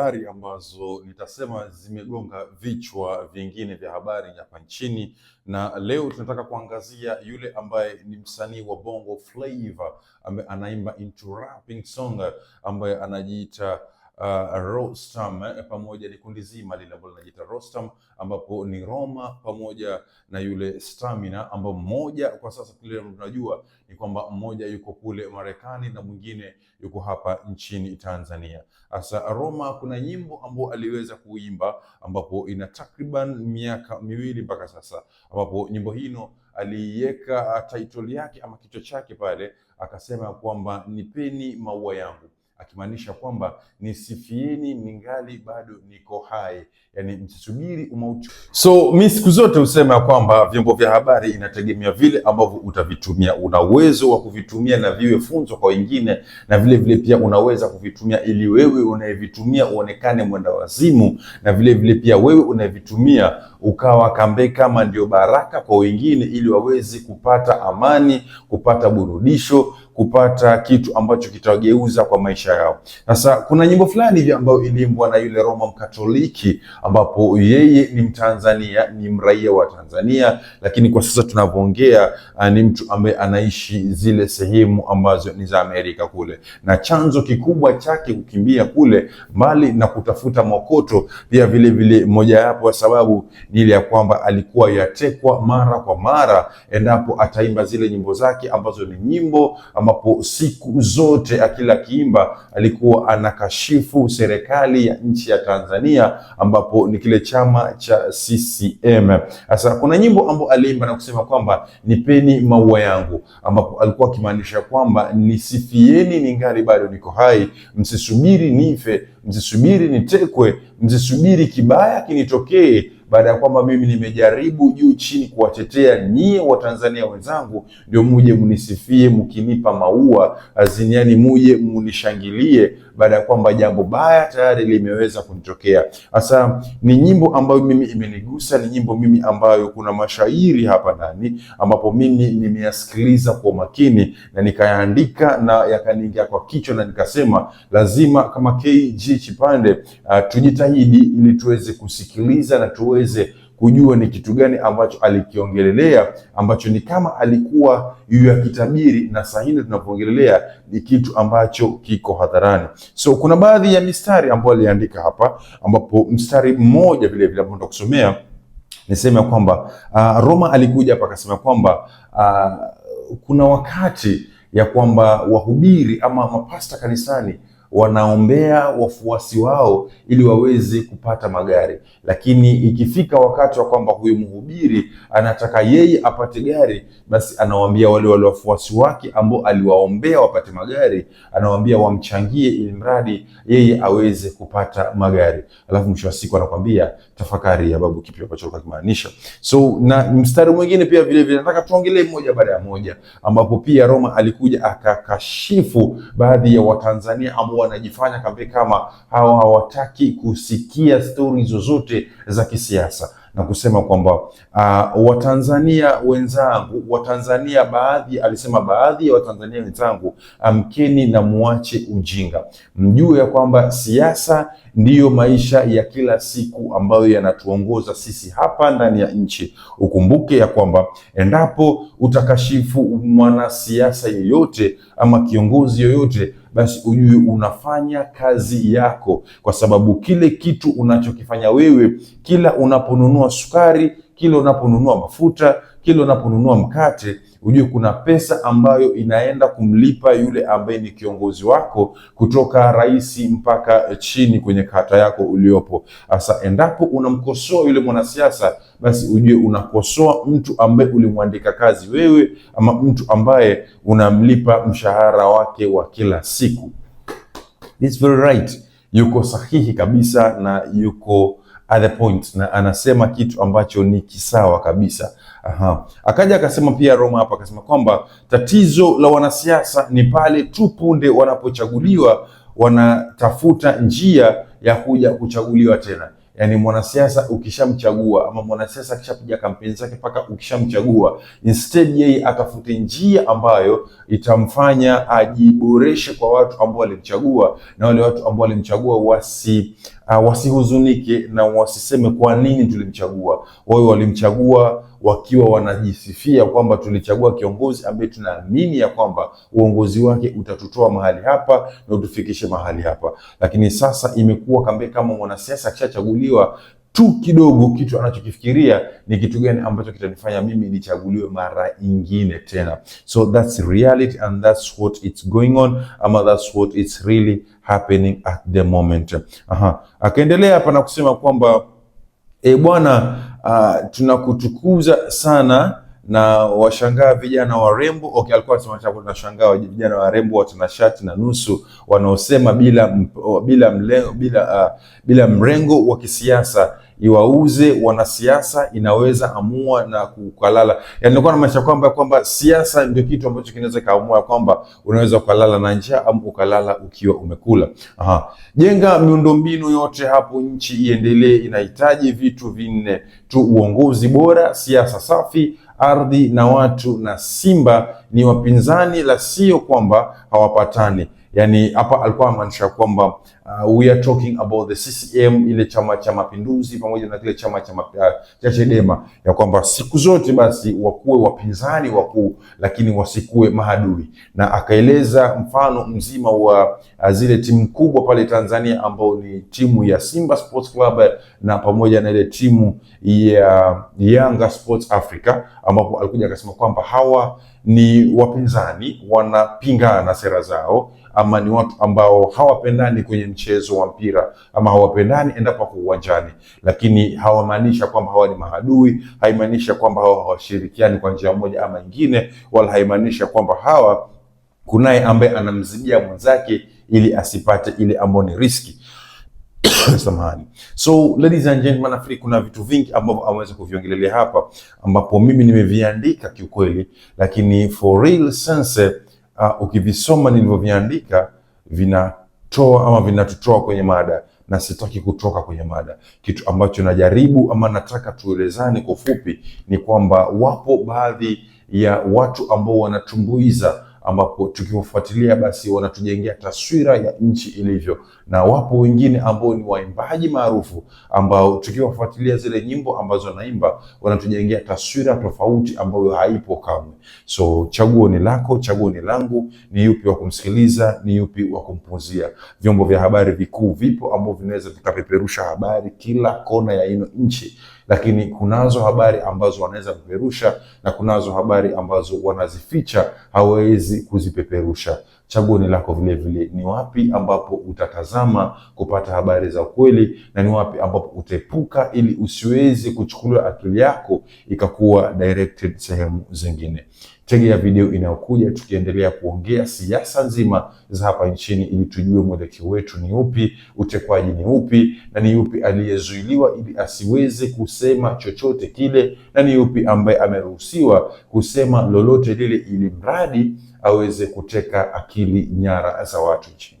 Habari ambazo nitasema zimegonga vichwa vingine vya habari hapa nchini, na leo tunataka kuangazia yule ambaye ni msanii wa Bongo Flava ambaye anaimba into rapping song ambaye anajiita uh, Rostam eh, pamoja ni kundi zima lile ambalo linajiita Rostam, ambapo ni Roma pamoja na yule Stamina, ambao mmoja kwa sasa kile tunajua ni kwamba mmoja yuko kule Marekani na mwingine yuko hapa nchini Tanzania. Sasa Roma kuna nyimbo ambayo aliweza kuimba, ambapo ina takriban miaka miwili mpaka sasa, ambapo nyimbo hino aliiweka uh, title yake ama kichwa chake pale, akasema kwamba nipeni maua yangu akimaanisha kwamba nisifieni ningali bado niko hai, yani msisubiri umauti. So mi siku zote husema kwamba vyombo vya habari inategemea vile ambavyo utavitumia. Una uwezo wa kuvitumia na viwe funzo kwa wengine, na vile vile pia unaweza kuvitumia ili wewe unayevitumia uonekane mwenda wazimu, na vile vile pia wewe unayevitumia ukawa kambe kama ndio baraka kwa wengine, ili waweze kupata amani, kupata burudisho, kupata kitu ambacho kitawageuza kwa maisha yao. Sasa kuna nyimbo fulani hivi ambayo iliimbwa na yule Roma Mkatoliki, ambapo yeye ni Mtanzania, ni mraia wa Tanzania, lakini kwa sasa tunavyoongea ah, ni mtu ambaye anaishi zile sehemu ambazo ni za Amerika kule, na chanzo kikubwa chake kukimbia kule, mbali na kutafuta mokoto, pia vilevile mojawapo ya sababu ile ya kwamba alikuwa yatekwa mara kwa mara endapo ataimba zile nyimbo zake ambazo ni nyimbo ambapo siku zote akila kiimba alikuwa anakashifu serikali ya nchi ya Tanzania ambapo ni kile chama cha CCM. Sasa kuna nyimbo ambayo aliimba na kusema kwamba nipeni maua yangu, ambapo alikuwa akimaanisha kwamba nisifieni ningali bado niko hai, msisubiri nife, msisubiri nitekwe, msisubiri kibaya kinitokee baada ya kwamba mimi nimejaribu juu chini kuwatetea nyie Watanzania wenzangu, ndio muje munisifie mkinipa maua aziniani, muje munishangilie baada ya kwamba jambo baya tayari limeweza kunitokea. Sasa ni nyimbo ambayo mimi imenigusa, ni nyimbo mimi ambayo kuna mashairi hapa ndani ambapo mimi nimeyasikiliza kwa makini na nikayaandika na yakaniingia kwa kichwa na nikasema lazima kama KG Chipande uh, tujitahidi ili tuweze kusikiliza na tuweze kujua ni kitu gani ambacho alikiongelelea ambacho ni kama alikuwa kitabiri, na saa hii ni kitu ambacho kiko hadharani. So kuna baadhi ya mistari ambayo aliandika hapa, ambapo mstari mmoja vile vile ambao nitakusomea nisema kwamba uh, Roma alikuja hapa akasema kwamba uh, kuna wakati ya kwamba wahubiri ama mapasta kanisani wanaombea wafuasi wao ili waweze kupata magari, lakini ikifika wakati wa kwamba huyu mhubiri anataka yeye apate gari, basi anawaambia wale wale wafuasi wake ambao aliwaombea wapate magari, anawaambia wamchangie ili mradi yeye aweze kupata magari, alafu mwisho wa siku anakwambia tafakari ya babu kipi ambacho alikuwa kimaanisha. So na mstari mwingine pia vile vile nataka tuongelee moja baada ya moja, ambapo pia Roma alikuja akakashifu baadhi ya Watanzania ambao wanajifanya kabisa kama hawa hawataki kusikia stori zozote za kisiasa na kusema kwamba uh, Watanzania wenzangu, Watanzania baadhi, alisema baadhi ya Watanzania wenzangu, amkeni na muache ujinga, mjue ya kwamba siasa ndiyo maisha ya kila siku ambayo yanatuongoza sisi hapa ndani ya nchi. Ukumbuke ya kwamba endapo utakashifu mwanasiasa yeyote ama kiongozi yoyote basi ujue unafanya kazi yako, kwa sababu kile kitu unachokifanya wewe, kila unaponunua sukari, kila unaponunua mafuta kila unaponunua mkate ujue kuna pesa ambayo inaenda kumlipa yule ambaye ni kiongozi wako kutoka rais mpaka chini kwenye kata yako uliopo. Sasa endapo unamkosoa yule mwanasiasa, basi ujue unakosoa mtu ambaye ulimwandika kazi wewe, ama mtu ambaye unamlipa mshahara wake wa kila siku. It's very right. Yuko sahihi kabisa na yuko at the point, na anasema kitu ambacho ni kisawa kabisa. Aha. Akaja akasema pia Roma hapa akasema kwamba tatizo la wanasiasa ni pale tu punde wanapochaguliwa wanatafuta njia ya kuja kuchaguliwa tena. Yaani, mwanasiasa ukishamchagua ama mwanasiasa akishapiga kampeni zake mpaka ukishamchagua, instead yeye atafute njia ambayo itamfanya ajiboreshe kwa watu ambao walimchagua, na wale watu ambao walimchagua wasi uh, wasihuzunike na wasiseme kwa nini tulimchagua. Wao walimchagua wakiwa wanajisifia kwamba tulichagua kiongozi ambaye tunaamini ya kwamba uongozi wake utatutoa mahali hapa na utufikishe mahali hapa, lakini sasa imekuwa kambe kama mwanasiasa akishachaguliwa tu kidogo kitu anachokifikiria ni kitu gani ambacho kitanifanya mimi nichaguliwe mara ingine tena. So that's reality and that's what it's going on, ama that's what it's really happening at the moment. Aha. Akaendelea hapa na kusema kwamba e, bwana uh, tunakutukuza sana na washangaa vijana warembo. Okay, alikuwa anasema nashangaa vijana warembo na shati na nusu wanaosema bila bila mlengo, bila, uh, bila mrengo wa kisiasa iwauze wanasiasa inaweza amua na kukalala. Yani nilikuwa namaanisha kwamba kwamba siasa ndio kitu ambacho kinaweza kaamua kwamba unaweza ukalala na njaa au ukalala ukiwa umekula. Aha. Jenga miundombinu yote hapo, nchi iendelee inahitaji vitu vinne tu: uongozi bora, siasa safi ardhi na watu, na Simba ni wapinzani, la sio kwamba hawapatani. Yani hapa alikuwa anamaanisha kwamba uh, we are talking about the CCM ile chama cha mapinduzi pamoja na kile chama cha cha Chadema ya kwamba siku zote basi wakuwe wapinzani wakuu, lakini wasikuwe maadui, na akaeleza mfano mzima wa uh, zile timu kubwa pale Tanzania ambao ni timu ya Simba Sports Club na pamoja na ile timu ya Yanga Sports Africa, ambapo alikuja akasema kwamba hawa ni wapinzani, wanapingana sera zao ama ni watu ambao hawapendani kwenye mchezo wa mpira ama hawapendani endapo kwa uwanjani, lakini hawamaanisha kwamba hawa ni maadui, haimaanisha kwamba hawa hawashirikiani kwa njia moja ama nyingine, wala haimaanisha kwamba hawa kunaye ambaye anamzidia mwenzake ili asipate ile ambayo ni riski. Samahani. So ladies and gentlemen, nafikiri kuna vitu vingi ambavyo ameweza kuviongelelea hapa ambapo mimi nimeviandika kiukweli, lakini for real sense uh, ukivisoma nilivyoviandika vinatoa ama vinatutoa kwenye mada, na sitaki kutoka kwenye mada. Kitu ambacho najaribu ama nataka tuelezane kwa ufupi ni kwamba wapo baadhi ya watu ambao wanatumbuiza ambapo tukiwafuatilia basi wanatujengea taswira ya nchi ilivyo, na wapo wengine ambao ni waimbaji maarufu ambao tukiwafuatilia zile nyimbo ambazo wanaimba wanatujengea taswira tofauti ambayo haipo kamwe. So chaguo ni lako, chaguo ni langu, ni yupi wa kumsikiliza, ni yupi wa kumpuzia? Vyombo vya habari vikuu vipo ambao vinaweza vikapeperusha habari kila kona ya ino nchi lakini kunazo habari ambazo wanaweza kupeperusha na kunazo habari ambazo wanazificha, hawawezi kuzipeperusha chaguo ni lako vilevile. Ni wapi ambapo utatazama kupata habari za ukweli na ni wapi ambapo utaepuka, ili usiwezi kuchukuliwa akili yako ikakuwa directed sehemu zingine. Tegea video inayokuja tukiendelea kuongea siasa nzima za hapa nchini, ili tujue mwelekeo wetu ni upi, utekwaji ni upi, na ni yupi aliyezuiliwa ili asiweze kusema chochote kile, na ni yupi ambaye ameruhusiwa kusema lolote lile, ili mradi aweze kuteka akili nyara za watu nchini.